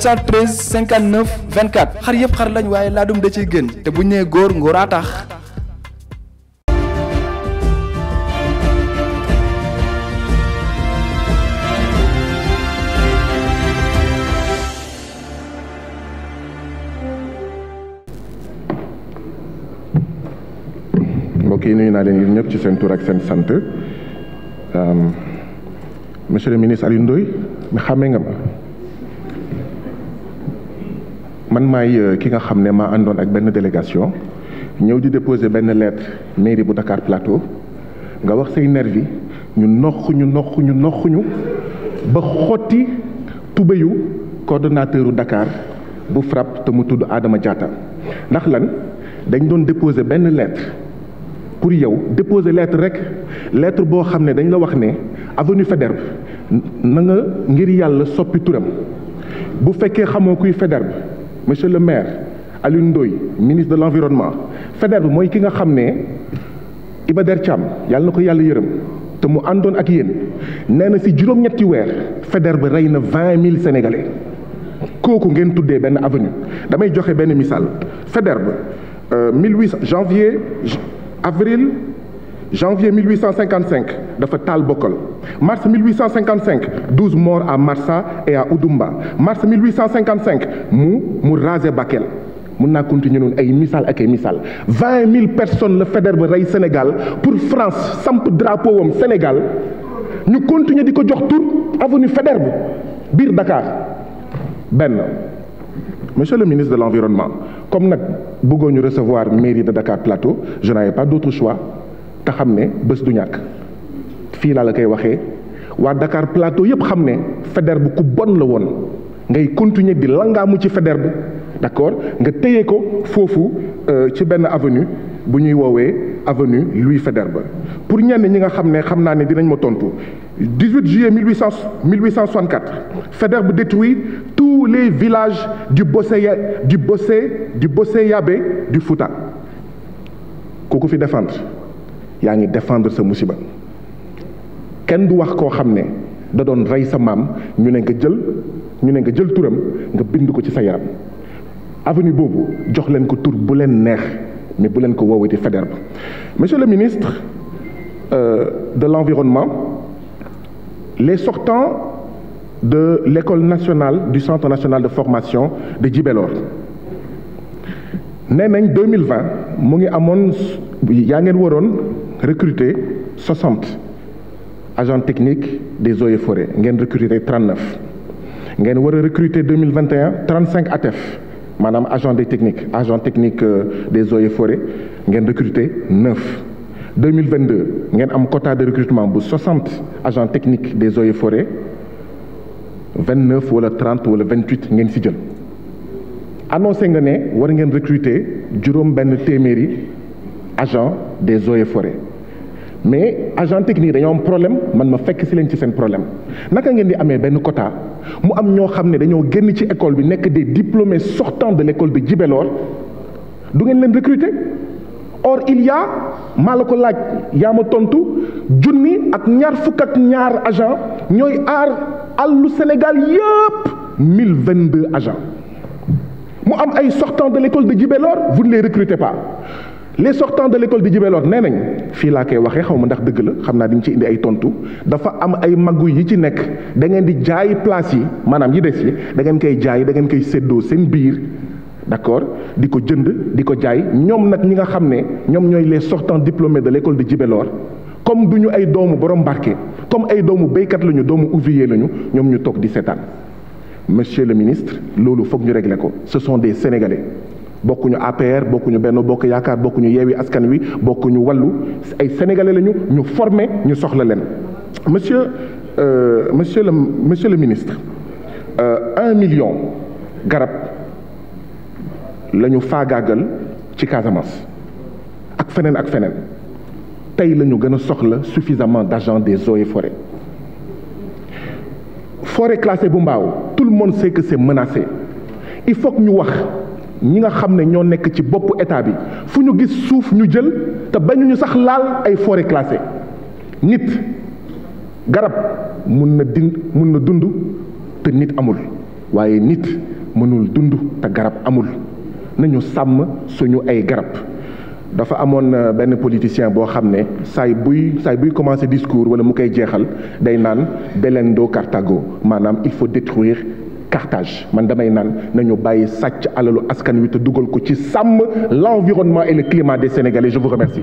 713 59 24 xar yëpp xar lañ waaye laadum da ciy gën te bu ñu nee góor ngóoraa tax. mbokk yi nuyu naa ñëpp ci seen tur ak seen sant euh, monsieur le ministre Alioune mi xàmmee nga man maay euh, ki nga xam ne maa àndoon ak benn délégation ñëw di déposer benn lettre mairie bu Dakar Plateau nga wax say nervi ñu noq ñu noq ñu noq ñu ba xotti tubéyu coordonnateur u Dakar bu FRAPP te mu tudd aadama Diatta ndax lan dañ doon déposer benn lettre pour yow déposer lettre rek lettre boo xam ne dañ la wax ne avenue Faidherbe na nga ngir yàlla soppi turam bu fekkee xamoo kuy Faidherbe monsieur le maire Alioune Ndoye ministre de l'environnement FEDER bi mooy ki nga xam ne Iba Der Thiam yàlla na ko yàlla yërëm te mu àndoon ak yéen nee na si juróom-ñetti weer FEDER bi rey na vingt mille sénégalais kooku ngeen tuddee benn avenue damay joxe benn misaal FEDER bi 18 euh, janvier avril. janvier 1855 dafa taal Bokkol mars 1855 12 morts à Marsa et à Oudoumba mars 1855 mu mu rasé Bakel mun naa continuer noonu ay misaal ak ay misaal vingt mille personnes la Faidherbe rey Sénégal pour France samp drapeau wam Sénégal ñu continuer di ko jox tur avenue Faidherbe biir Dakar benn monsieur le ministre de l'environnement comme nag bëggoo ñu recevoir mairie de Dakar Plateau je n'avais pas d'autre choix te xam ne bés du ñàkk fii laa la koy waxee waa Dakar Plateau yëpp xam ne Faidherbe ku bon la woon ngay continuer di langaamu ci Faidherbe d'accord nga téye ko foofu euh, ci benn avenue bu ñuy woowee avenue Louis Faidherbe pour ñeen ñi nga xam ne xam naa ne dinañ ma tontu 18 juillet 1800 1864 Faidherbe détruit tous les villages du Bossé du Bossé du Bossé Yabé du Fouta kooku fi défendre. yaa ngi défendre sa musiba kenn du wax koo xam ne da doon rey sa maam ñu ne nga jël ñu ne nga jël turam nga bind ko ci sa yaram avenue boobu jox leen ko tur bu leen neex mais bu leen ko woowati Faidherbe monsieur le ministre euh, de l'environnement les sortants de l'école nationale du centre national de formation de Djibélor nee nañ deux mille vingt mu ngi amoon yaa ngeen waroon recruter soixante agent techniques des eaux et forêts ngeen recruter trente neuf ngeen war a recruter deux mille vingt et un cinq ATEF maanaam agent des techniques agent technique euh, des eaux et forêts ngeen recruter neuf. 2022 ngeen am quota de recrutement bu 60 agent techniques des eaux et forêts 29 wala 30 wala 28 ngeen ci jël. annoncé nga ne war ngeen recruter juróom benn téeméeri agent des eaux et forêts mais agent technique dañoo am problème man ma fekk si leen ci seen problème naka ngeen di amee benn quota mu am ñoo xam ne dañoo génn ci école bi nekk des diplômés sortant de l'école de Djibélor du ngeen leen recruter or il y a maa la ko laaj yaa ma tontu junni ak ñaar fukk ak ñaar agent ñooy aar àllu Sénégal yépp mille vingt-deux agents mu am ay sortants de l'école de Djibélor vous ne les recrutez pas les sortants de l'école de Djibélor nee nañ fii laa koy waxee xaw ma ndax dëgg la xam naa di ci indi ay tontu dafa am ay maggu yi ci nekk da ngeen di jaay place yi maanaam yi des yi dangeen koy jaay dangeen koy séddoo seen biir d'accord di ko jënd di ko jaay ñoom nag ñi nga xam ne ñoom ñooy les sortants diplômés de l'école de Djibélor comme du ñu ay doomu borom mbarke comme ay doomu béykat lañu doomu ouvrier lañu ñoom ñu toog di seetaan. monsieur le ministre loolu foog ñu régler ko ce sont des sénégalais bokkuñu APR bokkuñu benn bokk yaakaar bokkuñu yeewi askan wi bokkuñu wallu ay sénégalais lañu ñu formé ñu soxla leen. monsieur euh, monsieur le monsieur le ministre euh, un euh, million garab la ñu faagaagal ci Casamance ak feneen ak feneen tey la ñu gën a soxla suffisamment d'agents des eaux et forêts. forêt classée bu mbaaw tout le monde sait que c'est menacé il faut ñu wax ñi nga xam ne ñoo nekk ci boppu état bi fu ñu gis suuf ñu jël te bañuñu sax laal ay forêt classée nit garab mun na din mun na dund te nit amul waaye nit mënul dund te garab amul nañu sàmm suñu ay garab dafa amoon euh, benn politicien boo xam ne saay buy saay buy commencer discours wala mu koy jeexal day naan delendo Carthago maanaam il faut détruire Carthage man damay naan nañu bàyyi sàcc alalu askan wi te dugal ko ci sàmm l'environnement et le climat des Sénégalais je vous remercie